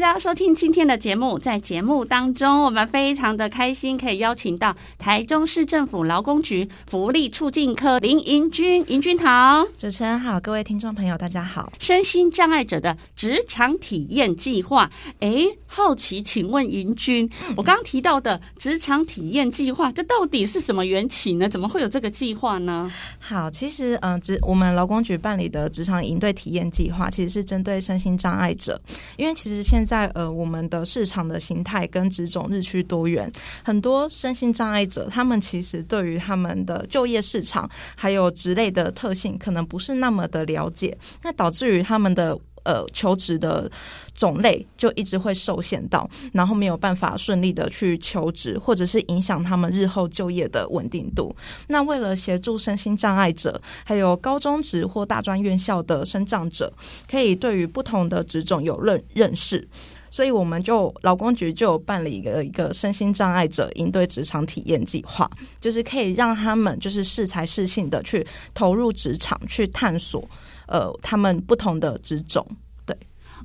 大家收聽今天的節目，在節目當中，我們非常的開心，可以邀請到台中市政府勞工局福利促進科林盈君、盈君好。主持人好，各位聽眾朋友大家好。身心障礙者的職場體驗計劃，誒、欸，好奇請問盈君，嗯、我剛剛提到的職場體驗計劃，這到底是什麼緣起呢？怎麼會有這個計劃呢？好，其實嗯，職、呃、我們勞工局辦理的職場營隊體驗計劃，其實是針對身心障礙者，因為其實現在在呃，我們的市場的形態跟職種日趨多元，很多身心障礙者，他們其實對於他們的就業市場還有職類的特性，可能不是那麼的了解，那導致於他們的。呃，求職的種類就一直會受限到，然後沒有辦法順利的去求職，或者是影響他們日後就業的穩定度。那為了協助身心障礙者，還有高中職或大專院校的身障者，可以對於不同的職種有認認識，所以我們就勞工局就辦理了一個一個身心障礙者應對職場體驗計劃，就是可以讓他們就是適才適性的去投入職場去探索。呃，他們不同的職種，對，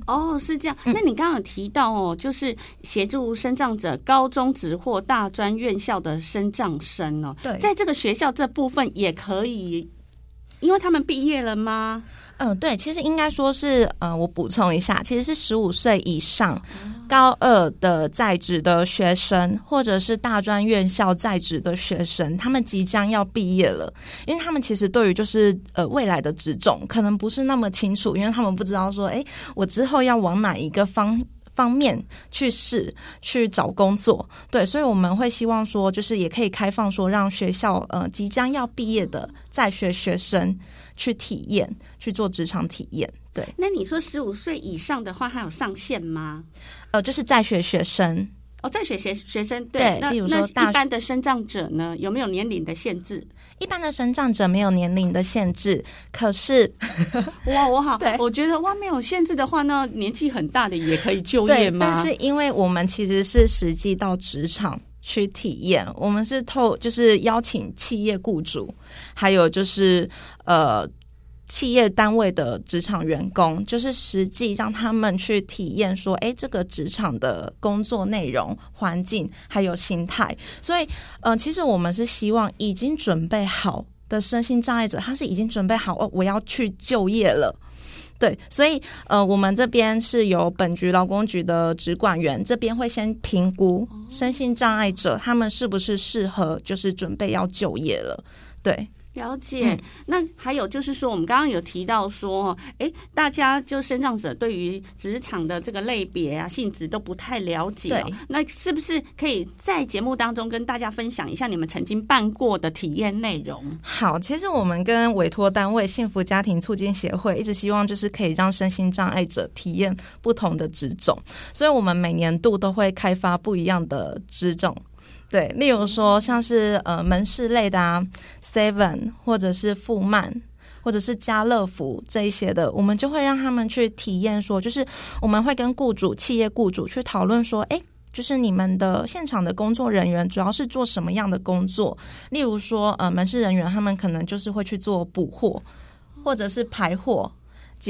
哦，是這樣。那你剛剛有提到哦，嗯、就是協助身障者高中職或大專院校的身障生哦，對，在這個學校這部分也可以。因為他們畢業了嗎？嗯、呃，對，其實應該說是，呃，我補充一下，其實是十五歲以上、哦、高二的在職的學生，或者是大專院校在職的學生，他們即將要畢業了，因為他們其實對於就是呃未來的職種可能不是那麼清楚，因為他們不知道說，哎，我之後要往哪一個方方面去試去找工作，對，所以我們會希望說，就是也可以開放說，讓學校呃即將要畢業的在學學生去體驗去做職場體驗，對。那你說十五歲以上的話，還有上限嗎？呃，就是在學學生。哦，在學學學生對,對，那如說那一般的生長者呢，有沒有年齡的限制？一般的生長者沒有年齡的限制，可是 哇，我好，對我覺得哇，沒有限制的話，那年紀很大的也可以就業嗎？但是因為我們其實是實際到職場去體驗，我們是透就是邀請企業雇主，還有就是呃。企業單位的職場員工，就是實際讓他們去體驗說，哎，這個職場的工作內容、環境還有心態。所以，嗯、呃，其實我們是希望已經準備好的身心障礙者，他是已經準備好哦，我要去就業了。對，所以，呃，我們這邊是由本局勞工局的職管員，這邊會先評估身心障礙者，他們是不是適合，就是準備要就業了。對。了解、嗯，那還有就是說，我們剛剛有提到說，哎，大家就是身障者對於職場的這個類別啊、性質都不太了解、哦。對，那是不是可以在節目當中跟大家分享一下你們曾經辦過的體驗內容？好，其實我們跟委托單位幸福家庭促進協會一直希望就是可以讓身心障礙者體驗不同的職種，所以我們每年度都會開發不一樣的職種。對，例如說像是呃門市類的啊，Seven 或者是富曼或者是家樂福這一些的，我們就會讓他們去體驗說，說就是我們會跟雇主企業雇主去討論說，哎，就是你們的現場的工作人員主要是做什麼樣的工作？例如說呃門市人員他們可能就是會去做補貨或者是排貨。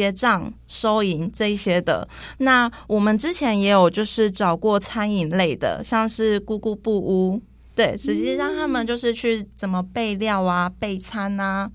結賬、收銀這一些的，那我們之前也有就是找過餐飲類的，像是咕咕布屋，對，直接讓他們就是去怎麼備料啊、備餐吶、啊，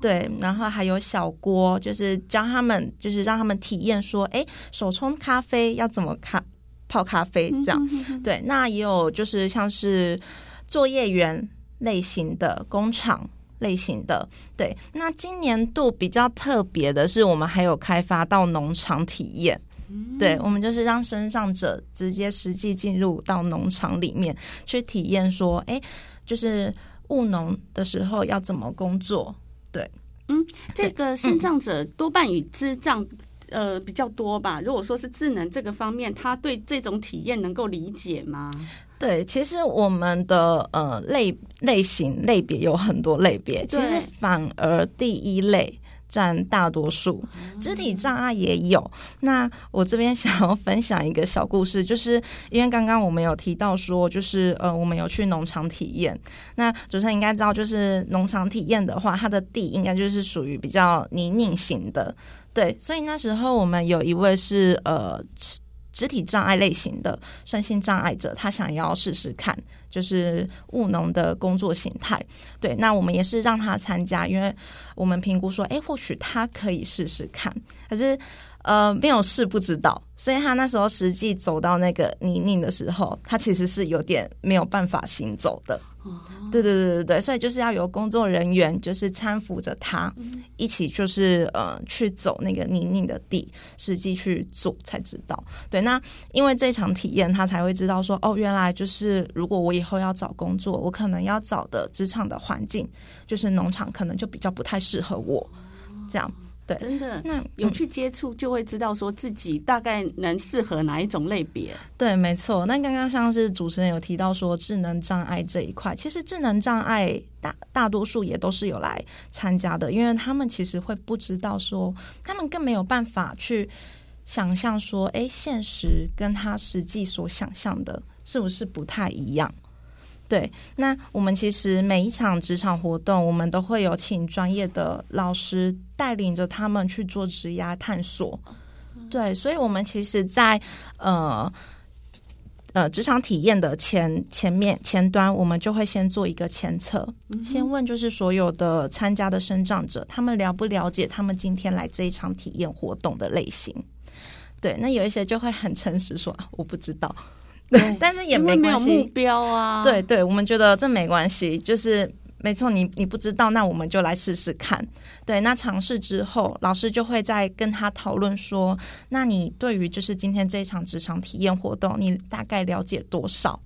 對，然後還有小鍋，就是教他們，就是讓他們體驗說，哎，手沖咖啡要怎麼咖泡咖啡這樣， 對，那也有就是像是作業員類型的工廠。類型的對，那今年度比較特別的是，我們還有開發到農場體驗，嗯，對，我們就是讓身障者直接實際進入到農場裡面去體驗，說，哎、欸，就是務農的時候要怎麼工作，對，嗯，這個身障者多半與智障。呃，比較多吧。如果說是智能這個方面，他對這種體驗能夠理解嗎？對，其實我們的呃類類型類別有很多類別，其實反而第一類。佔大多數，肢體障礙也有。那我這邊想要分享一個小故事，就是因為剛剛我們有提到說，就是呃，我們有去農場體驗。那主持人應該知道，就是農場體驗的話，它的地應該就是屬於比較泥濘型的，對。所以那時候我們有一位是呃。肢體障礙類型的身心障礙者，他想要試試看，就是務農的工作形態。對，那我們也是讓他參加，因為我們評估說，哎，或許他可以試試看。可是。呃，沒有事，不知道，所以他那時候實際走到那個泥濘的時候，他其實是有點沒有辦法行走的。對對對對對，所以就是要由工作人員就是攙扶着他一起，就是呃去走那個泥濘的地，實際去做才知道。對，那因為這場體驗，他才會知道說，哦，原來就是如果我以後要找工作，我可能要找的職場的環境，就是農場可能就比較不太適合我，這樣。對，真的，那，嗯，有去接觸就會知道說自己大概能適合哪一種類別。對，沒錯。那剛剛像是主持人有提到說智能障礙這一塊，其實智能障礙大大多數也都是有來參加的，因為他們其實會不知道說，他們更沒有辦法去想象說，哎、欸，現實跟他實際所想象的是不是不太一樣？對，那我們其實每一場職場活動，我們都會有請專業的老師帶領着他們去做職業探索。對，所以，我們其實在，在呃呃職場體驗的前前面前端，我們就會先做一個前測、嗯，先問就是所有的參加的身障者，他們了不了解他們今天來這一場體驗活動的類型？對，那有一些就會很誠實說，我不知道。對，但是也沒關係，沒有目標啊？對對，我們覺得這沒關係，就是沒錯，你你不知道，那我們就來試試看，對，那嘗試之後，老師就會再跟他討論說，那你對於就是今天這一場職場體驗活動，你大概了解多少？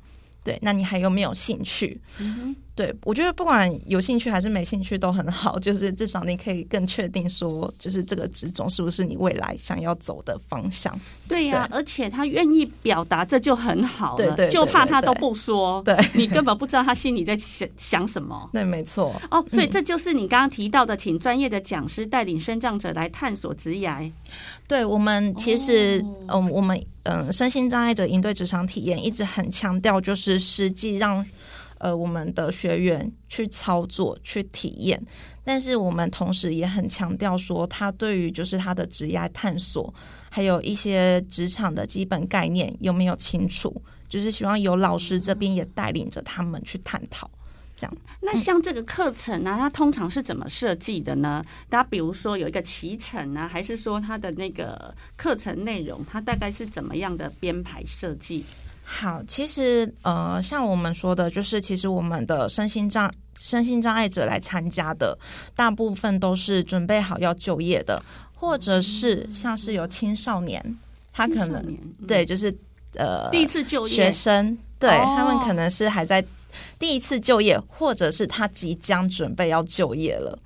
對，那你還有沒有興趣？嗯哼對，我覺得不管有興趣還是沒興趣都很好，就是至少你可以更確定說，就是這個職種是不是你未來想要走的方向。對呀、啊，而且他願意表達，這就很好了，對對對對對對。就怕他都不說，對，你根本不知道他心裡在想 想什麼對。對，沒錯。哦，所以這就是你剛剛提到的，嗯、請專業的講師帶領身障者來探索職涯。對，我們其實，嗯、哦呃，我們嗯、呃，身心障礙者應對職場體驗一直很強調，就是實際讓。呃，我們的學員去操作、去體驗，但是我們同時也很強調說，他對於就是他的職業探索，還有一些職場的基本概念有沒有清楚，就是希望有老師這邊也帶領着他們去探討。這樣、嗯、那像這個課程呢、啊，它通常是怎麼設計的呢？大家比如說有一個啟程啊，還是說它的那個課程內容，它大概是怎麼樣的編排設計？好，其實呃，像我們說的，就是其實我們的身心障身心障礙者來參加的，大部分都是準備好要就業的，或者是像是有青少年，他可能、嗯、對，就是呃，第一次就業學生，對、哦、他們可能是還在第一次就業，或者是他即將準備要就業了，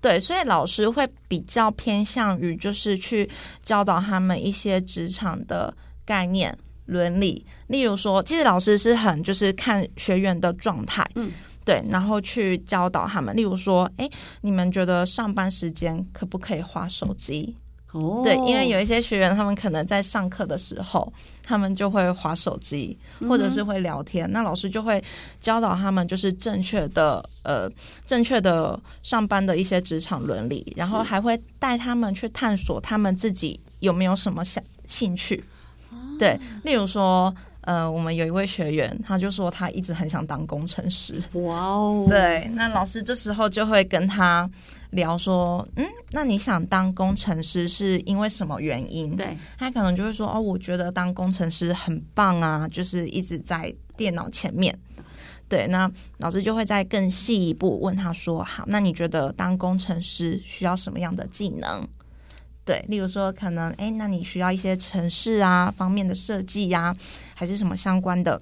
對，所以老師會比較偏向於就是去教導他們一些職場的概念。倫理，例如說，其實老師是很就是看學員的狀態，嗯，對，然後去教導他們。例如說，哎，你們覺得上班時間可不可以滑手機？哦，對，因為有一些學員他們可能在上課的時候，他們就會滑手機，嗯，或者是會聊天。那老師就會教導他們，就是正確的呃正確的上班的一些職場倫理，然後還會帶他們去探索他們自己有沒有什麼想興趣。對，例如說，呃，我們有一位學員，他就說他一直很想當工程師。哇哦！對，那老師這時候就會跟他聊說，嗯，那你想當工程師是因為什麼原因？對，他可能就會說，哦，我覺得當工程師很棒啊，就是一直在電腦前面。對，那老師就會再更細一步問他說，好，那你覺得當工程師需要什麼樣的技能？對，例如說可能哎，那你需要一些程式啊方面的設計呀、啊，還是什麼相關的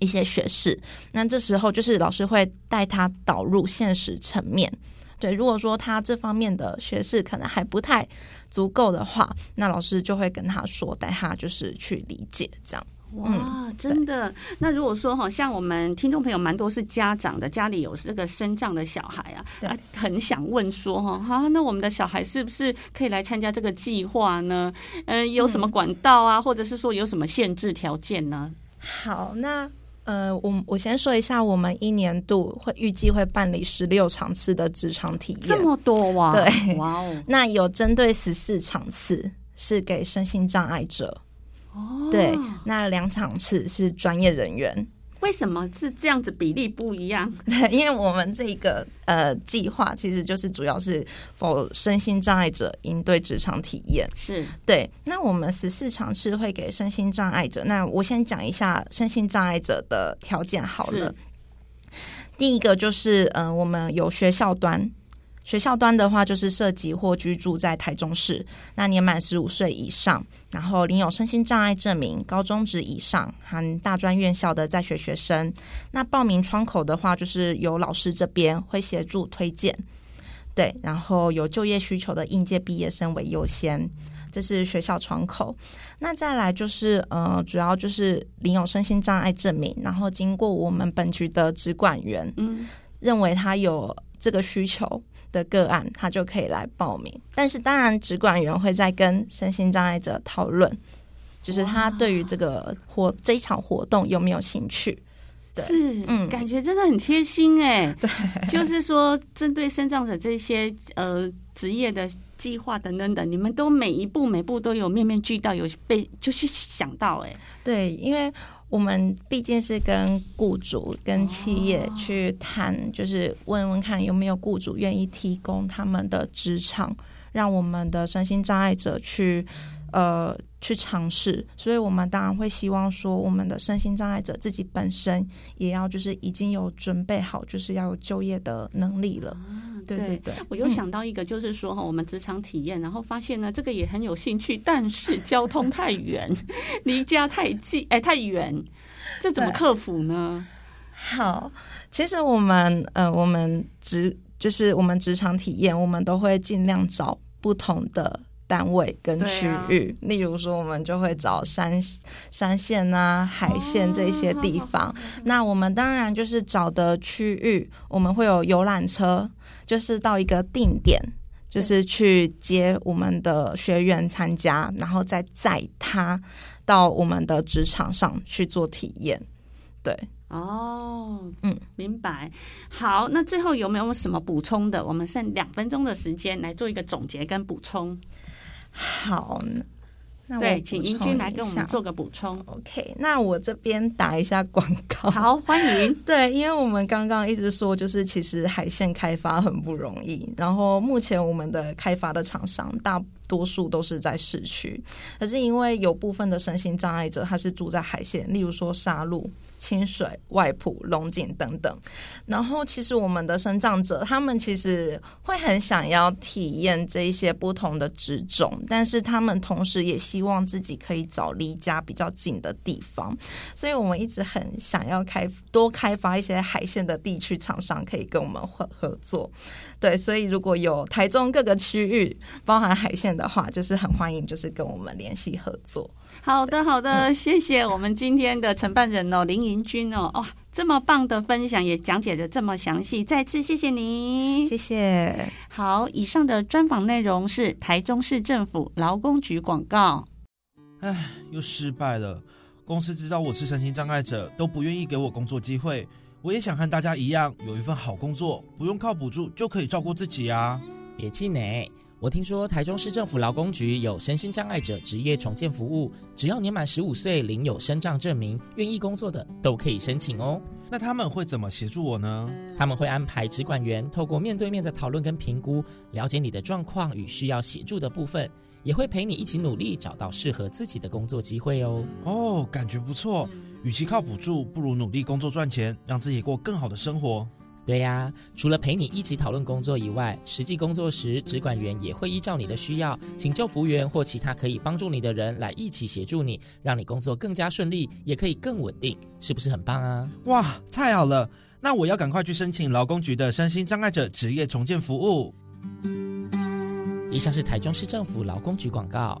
一些學識？那這時候就是老師會帶他導入現實層面。對，如果說他這方面的學識可能還不太足夠的話，那老師就會跟他說，帶他就是去理解這樣。哇、嗯，真的！那如果說哈，像我們聽眾朋友蠻多是家長的，家裡有這個身障的小孩啊，啊，很想問說哈、啊，那我們的小孩是不是可以來參加這個計劃呢？嗯、呃，有什麼管道啊、嗯，或者是說有什麼限制條件呢、啊？好，那呃，我我先說一下，我們一年度會預計會辦理十六場次的職場體驗，這麼多哇、啊！對，哇哦！那有針對十四場次是給身心障礙者。哦，對，那兩場次是專業人員，為什麼是這樣子比例不一樣？對，因為我們這個呃計劃其實就是主要是 for 身心障礙者應對職場體驗，是對。那我們十四場次會給身心障礙者，那我先講一下身心障礙者的條件好了。第一個就是，嗯、呃，我們有學校端。學校端的話，就是設籍或居住在台中市，那年滿十五歲以上，然後領有身心障礙證明、高中職以上含大專院校的在學學生。那報名窗口的話，就是由老師這邊會協助推薦。對，然後有就業需求的應屆畢業生為優先，這是學校窗口。那再來就是，呃，主要就是領有身心障礙證明，然後經過我們本局的職管員、嗯、認為他有這個需求的個案，他就可以來報名。但是當然，職管員會在跟身心障礙者討論，就是他對於這個活這一場活動有沒有興趣？對是，嗯，感覺真的很貼心哎、欸。對，就是說針對身障者這些呃職業的計劃等等等，你們都每一步每步都有面面俱到，有被就去想到哎、欸。對，因為。我們畢竟是跟雇主，跟企業去談，就是問問看有沒有雇主願意提供他們的職場，讓我們的身心障礙者去，呃，去嘗試。所以我們當然會希望說，我們的身心障礙者自己本身也要就是已經有準備好，就是要有就業的能力了。對，對對對，我又想到一個，就是說哈，我們職場體驗，嗯、然後發現呢，這個也很有興趣，但是交通太遠， 離家太近，哎，太遠，這怎麼克服呢？好，其實我們呃，我們職就是我們職場體驗，我們都會盡量找不同的。單位跟區域，啊、例如說，我們就會找山山線啊、海線這些地方。Oh, 那我們當然就是找的區域，我們會有遊覽車，就是到一個定點，就是去接我們的學員參加，然後再載他到我們的職場上去做體驗。對，哦、oh，嗯，明白。好，那最後有沒有什麼補充的？我們剩兩分鐘的時間來做一個總結跟補充。好，那對，請盈均來給我們做個補充。OK，那我這邊打一下廣告。好，歡迎。 對，因為我們剛剛一直說，就是其實海線開發很不容易。然後目前我們的開發的廠商大多數都是在市區，可是因為有部分的身心障礙者，他是住在海線，例如說沙鹿。清水、外埔、龍井等等，然後其實我們的身障者他們其實會很想要體驗這些不同的職種，但是他們同時也希望自己可以找離家比較近的地方，所以我們一直很想要開多開發一些海線的地區廠商可以跟我們合合作。對，所以如果有台中各個區域包含海線的話，就是很歡迎，就是跟我們聯繫合作。好的，好的、嗯，謝謝我們今天的承辦人哦，林盈君哦，哇、哦，這麼棒的分享，也講解的這麼詳細，再次謝謝你，謝謝。好，以上的專訪內容是台中市政府勞工局廣告。唉，又失敗了。公司知道我是身心障礙者，都不願意給我工作機會。我也想和大家一樣，有一份好工作，不用靠補助就可以照顧自己啊。別氣餒。我聽說台中市政府勞工局有身心障礙者職業重建服務，只要年滿十五歲、領有身障證明、願意工作的，都可以申請哦。那他們會怎麼協助我呢？他們會安排職管員透過面對面的討論跟評估，了解你的狀況與需要協助的部分，也會陪你一起努力找到適合自己的工作機會哦。哦，感覺不錯。與其靠補助，不如努力工作賺錢，讓自己過更好的生活。對呀，除了陪你一起討論工作以外，實際工作時，職管員也會依照你的需要，請救服務員或其他可以幫助你的人來一起協助你，讓你工作更加順利，也可以更穩定，是不是很棒啊？哇，太好了！那我要趕快去申請勞工局的身心障礙者職業重建服務。以上是台中市政府勞工局廣告。